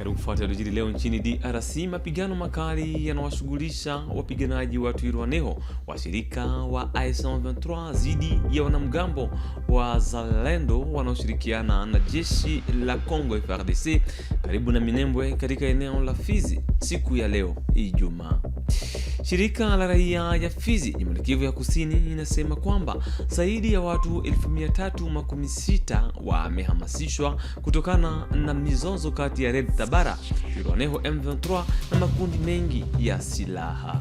Karibu kufuata yaliyojiri leo nchini DRC. Mapigano makali yanawashughulisha wapiganaji wa Twirwaneho washirika wa M23 dhidi ya wanamgambo wa Zalendo wanaoshirikiana na jeshi la Congo FARDC karibu na Minembwe katika eneo la Fizi siku ya leo Ijumaa. Shirika la raia ya Fizi, Jimbo ya Kusini, inasema kwamba zaidi ya watu elfu mia wamehamasishwa kutokana na mizozo kati ya Red Tabara, Ironeho M23 na makundi mengi ya silaha.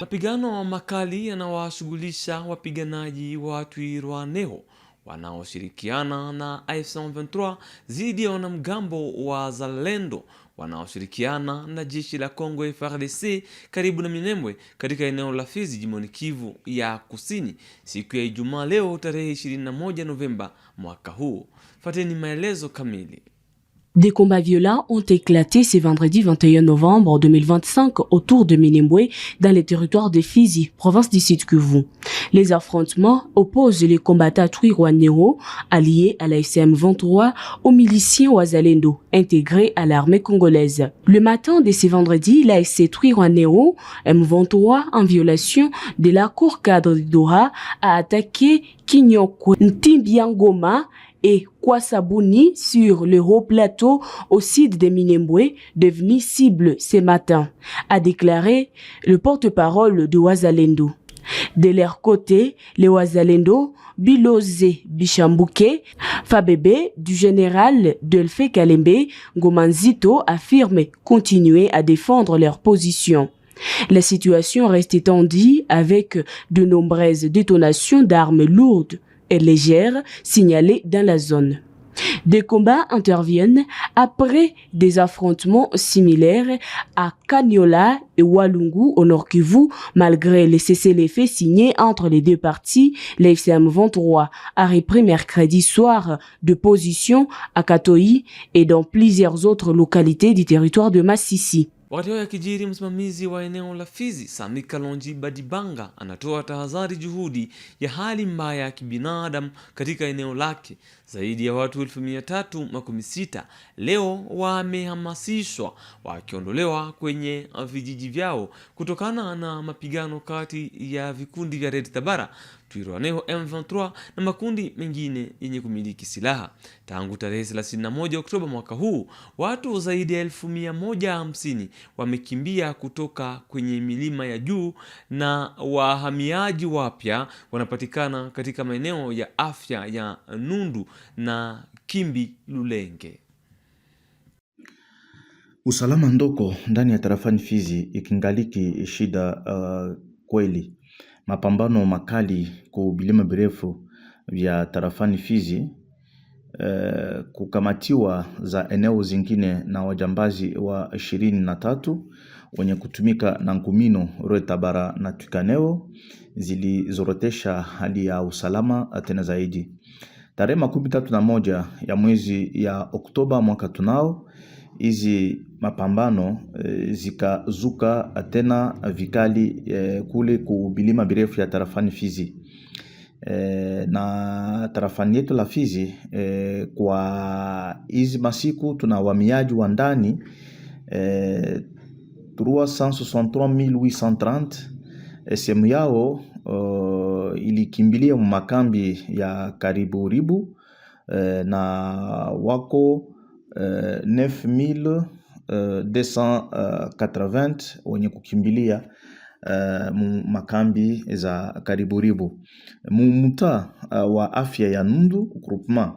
Mapigano makali yanawashughulisha wapiganaji wa Twirwaneho wanaoshirikiana na M23 dhidi ya wanamgambo wa Zalendo wanaoshirikiana na jeshi la Kongo FARDC karibu na Minembwe katika eneo la Fizi jimboni Kivu ya Kusini siku ya Ijumaa leo tarehe 21 Novemba mwaka huu. Fateni maelezo kamili. Des combats violents ont éclaté ce vendredi 21 novembre 2025 autour de Minimwe, dans les territoires de Fizi, province du Sud Les affrontements opposent les combattants Twirwanero, alliés à la m 23 aux miliciens Oazalendo intégrés à l'armée congolaise. Le matin de ce vendredi, la SC M23, en violation de la cour cadre de Doha, a attaqué Kinyokwe Ntimbiangoma, et Kwasabuni, sur le haut plateau au sud des Minembwe, devenu cible ce matin, a déclaré le porte-parole de Wazalendo. De leur côté, les Ouazalendo, Bilose Bichambouke, Fabebe du général Delfe Kalembe, Gomanzito affirment continuer à défendre leur position. La situation reste tendue avec de nombreuses détonations d'armes lourdes légère signalée dans la zone. Des combats interviennent après des affrontements similaires à Kanyola et Walungu au Nord Kivu, malgré les cessez le feu signés entre les deux parties. L'FCM 23 a repris mercredi soir de position à Katoï et dans plusieurs autres localités du territoire de Massissi. Wakati hayo yakijiri, msimamizi wa eneo la Fizi Sami Kalonji Badibanga anatoa tahadhari juhudi ya hali mbaya ya kibinadamu katika eneo lake zaidi ya watu elfu mia tatu makumi sita leo wamehamasishwa wakiondolewa kwenye vijiji vyao kutokana na mapigano kati ya vikundi vya Red Tabara, Twirwaneho M23 na makundi mengine yenye kumiliki silaha. Tangu tarehe 31 Oktoba mwaka huu, watu zaidi ya elfu mia moja hamsini wamekimbia kutoka kwenye milima ya juu na wahamiaji wapya wanapatikana katika maeneo ya afya ya Nundu na Kimbi Lulenge. Usalama ndoko ndani ya tarafani Fizi ikingaliki shida uh, kweli mapambano makali ku vilima virefu vya tarafani Fizi uh, kukamatiwa za eneo zingine na wajambazi wa ishirini na tatu wenye kutumika na Ngumino Rwetabara na Twikaneo zilizorotesha hali ya usalama tena zaidi. Tarehe makumi tatu na moja ya mwezi ya Oktoba mwaka tunao, hizi mapambano e, zikazuka tena vikali e, kule kubilima birefu ya tarafani Fizi e, na tarafani yetu la Fizi e, kwa hizi masiku tuna wamiaji wa ndani e, 363830 sehemu yao uh, ilikimbilia makambi ya karibu ribu uh, na wako uh, 9280 uh, wenye kukimbilia uh, makambi za karibu ribu mumuta uh, wa afya ya Nundu groupement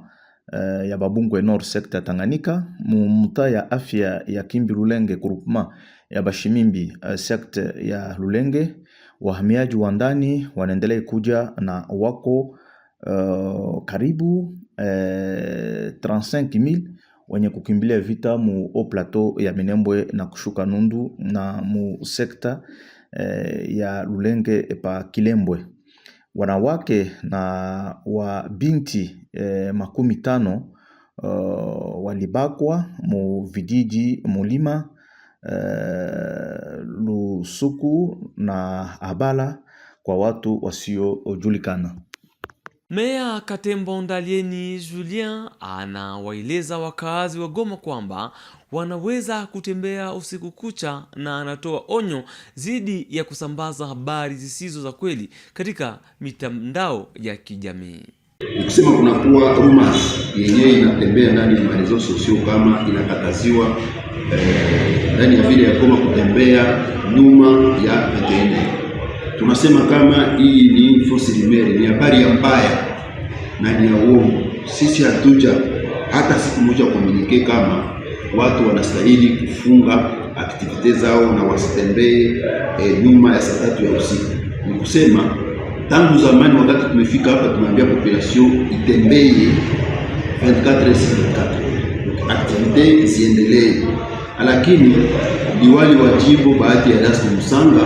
Uh, ya Babungwe Nord sekta ya Tanganyika mumuta ya afya ya Kimbi Lulenge groupement ya Bashimimbi uh, sekta ya Lulenge wahamiaji wa ndani wanaendelea kuja na wako uh, karibu uh, eh, 35000 wenye kukimbilia vita mu au plateau ya Minembwe na kushuka Nundu na mu sekta uh, eh, ya Lulenge pa Kilembwe wanawake na binti eh, makumi tano uh, walibakwa mu vijiji mulima Eh, lusuku na Abala kwa watu wasiojulikana. Meya Katembo Ndalieni Julien anawaeleza wakaazi wa Goma kwamba wanaweza kutembea usiku kucha na anatoa onyo dhidi ya kusambaza habari zisizo za kweli katika mitandao ya kijamii. Ukisema kunakuwa rumors yenyewe inatembea ndani ya marezo sio kama inakataziwa ndani ya vile ya koma kutembea nyuma ya pekee. Tunasema kama hii ni fausse rumeur, ni habari ya mbaya na ni ya uongo. Sisi hatuja hata siku moja kuaminike kama watu wanastahili kufunga aktivite zao na wasitembee e, nyuma ya saa tatu ya usiku. Ni kusema tangu zamani, wakati tumefika hapa, tunaambia population itembee 24 24, aktivite ziendelee. Lakini diwani wa jimbo baadhi ya Erastus Musanga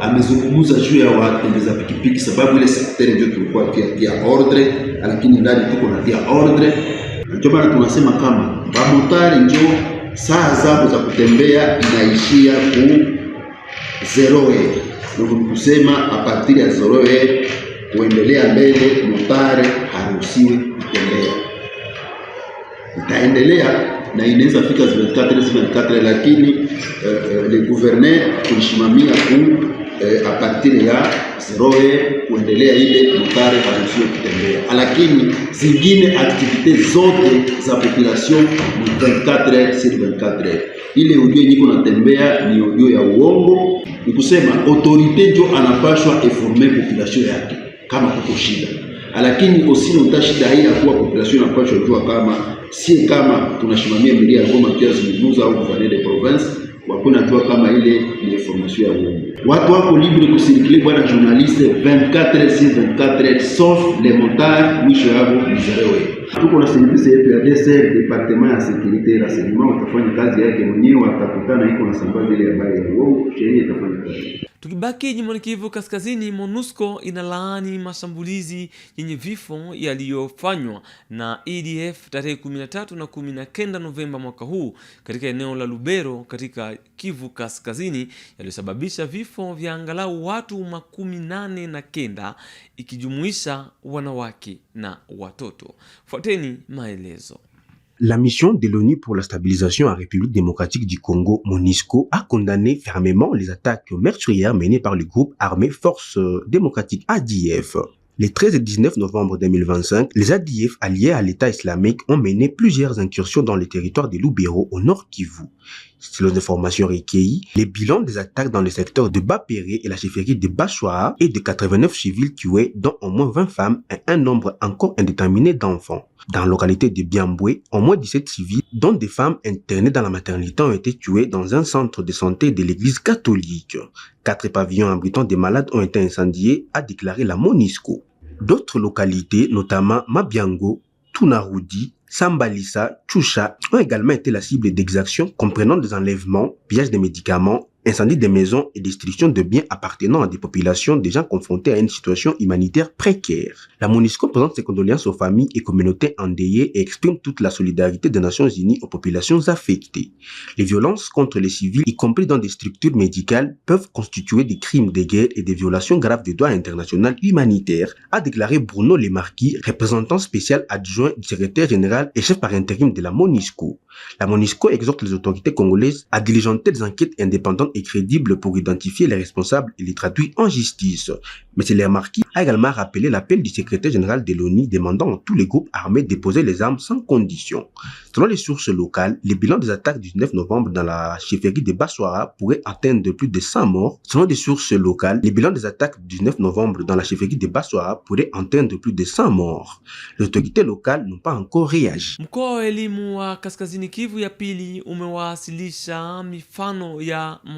amezungumza juu ya watembeza pikipiki, sababu ile sekretari ndio tulikuwa pia pia ordre, lakini ndani tuko na pia ordre. Ndio maana tunasema kama bamotari njo saa zao za kutembea inaishia ku zeroe, ndio kusema apatiri ya zeroe kuendelea mbele, mutare haruhusiwi kutembea itaendelea na inaweza fika 24 lakini uh, le gouverneur kuishimamia ku uh, eh, a partir ya zeroe kuendelea ile mutare haruhusiwe kutembea, lakini zingine aktivite zote za population 24 sur 24. Ile ujue niko natembea ni ujue ya uongo, ni kusema autorite jo anapashwa eforme population yake kama kuko shida, lakini osile utashida hii ya kuwa population inapashwa jua kama si kama tunashimamia milia Goma pia zimeguza au kuvalede de Province wakuna hatua kama ile ni information ya uongo. Watu wako libre kusirikile bwana journaliste 24 si 24 sauf le montage, mwisho yavo mizerewe. Tuko na service yetu ya DSR departement ya sécurité la renseignement, utafanya kazi yake mwenyewe, watakutana iko na sambazi ile habari ya uongo, sheria itafanya kazi Tukibaki jimboni Kivu Kaskazini, MONUSCO inalaani mashambulizi yenye vifo yaliyofanywa na EDF tarehe 13 na 19 Novemba mwaka huu katika eneo la Lubero katika Kivu Kaskazini yaliyosababisha vifo vya angalau watu makumi nane na kenda ikijumuisha wanawake na watoto. Fuateni maelezo. La mission de l'ONU pour la stabilisation en République démocratique du Congo, Monisco, a condamné fermement les attaques meurtrières menées par le groupe armé Forces démocratiques ADF. Les 13 et 19 novembre 2025, les ADF alliés à l'État islamique ont mené plusieurs incursions dans le territoire de Loubero au nord Kivu les informations recueillies, les bilans des attaques dans le secteur de Bapéré et la chefferie de Bachoua et de 89 civils tués, dont au moins 20 femmes et un nombre encore indéterminé d'enfants. Dans la localité de Biamboué, au moins 17 civils, dont des femmes internées dans la maternité, ont été tués dans un centre de santé de l'église catholique. Quatre pavillons abritant des malades ont été incendiés, a déclaré la MONISCO. D'autres localités, notamment Mabiango, Tunarudi, Sambalisa Chusha ont également été la cible d'exactions comprenant des enlèvements, pillages de médicaments incendie des maisons et destruction de biens appartenant à des populations déjà confrontées à une situation humanitaire précaire. La MONUSCO présente ses condoléances aux familles et communautés endeuillées et exprime toute la solidarité des Nations Unies aux populations affectées. Les violences contre les civils, y compris dans des structures médicales, peuvent constituer des crimes de guerre et des violations graves des droits internationaux humanitaires, a déclaré Bruno Lemarquis, représentant spécial adjoint du secrétaire général et chef par intérim de la MONUSCO. La MONUSCO exhorte les autorités congolaises à diligenter des enquêtes indépendantes est crédible pour identifier les responsables et les traduire en justice. Mais les Marquis a également rappelé l'appel du secrétaire général de l'ONU demandant à tous les groupes armés de déposer les armes sans condition. Selon les sources locales, les bilans des attaques du 9 novembre dans la chefferie de Bassoara pourraient atteindre plus de 100 morts. Selon des sources locales, les bilans des attaques du 9 novembre dans la chefferie de Bassoara pourraient atteindre plus de 100 morts. L'autorité locale locales n'ont pas encore réagi.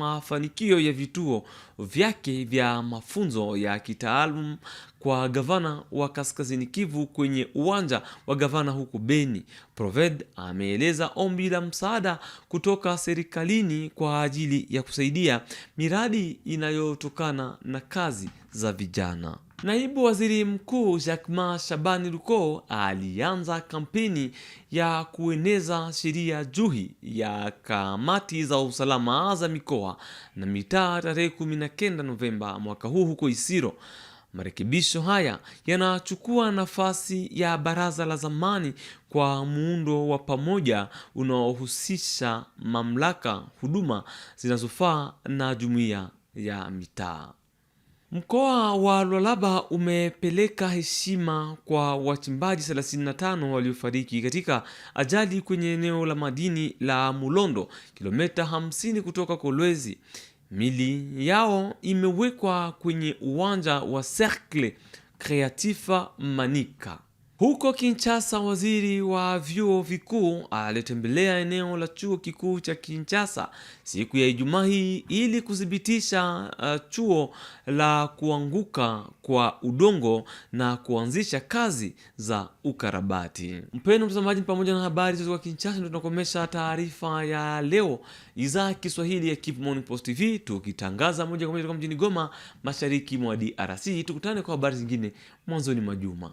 mafanikio ya vituo vyake vya mafunzo ya kitaalum kwa gavana wa Kaskazini Kivu kwenye uwanja wa gavana huko Beni. Proved ameeleza ombi la msaada kutoka serikalini kwa ajili ya kusaidia miradi inayotokana na kazi za vijana. Naibu Waziri Mkuu Jackma Shabani Ruko alianza kampeni ya kueneza sheria juhi ya kamati za usalama za mikoa na mitaa tarehe 19 Novemba mwaka huu huko Isiro. Marekebisho haya yanachukua nafasi ya baraza la zamani kwa muundo wa pamoja unaohusisha mamlaka, huduma zinazofaa na jumuiya ya mitaa. Mkoa wa Lualaba umepeleka heshima kwa wachimbaji 35 waliofariki katika ajali kwenye eneo la madini la Mulondo, kilomita 50 kutoka Kolwezi. Mili yao imewekwa kwenye uwanja wa Cercle Creatif Manika. Huko Kinshasa, waziri wa vyuo vikuu alitembelea eneo la chuo kikuu cha Kinshasa siku ya Ijumaa hii ili kuthibitisha uh, chuo la kuanguka kwa udongo na kuanzisha kazi za ukarabati. Mpendwa mtazamaji, pamoja na habari zote kwa Kinshasa, ndio tunakomesha taarifa ya leo idhaa ya Kiswahili ya Keep Morning Post TV, tukitangaza moja kwa moja kutoka mjini Goma, mashariki mwa DRC. Tukutane kwa habari zingine mwanzoni mwa juma.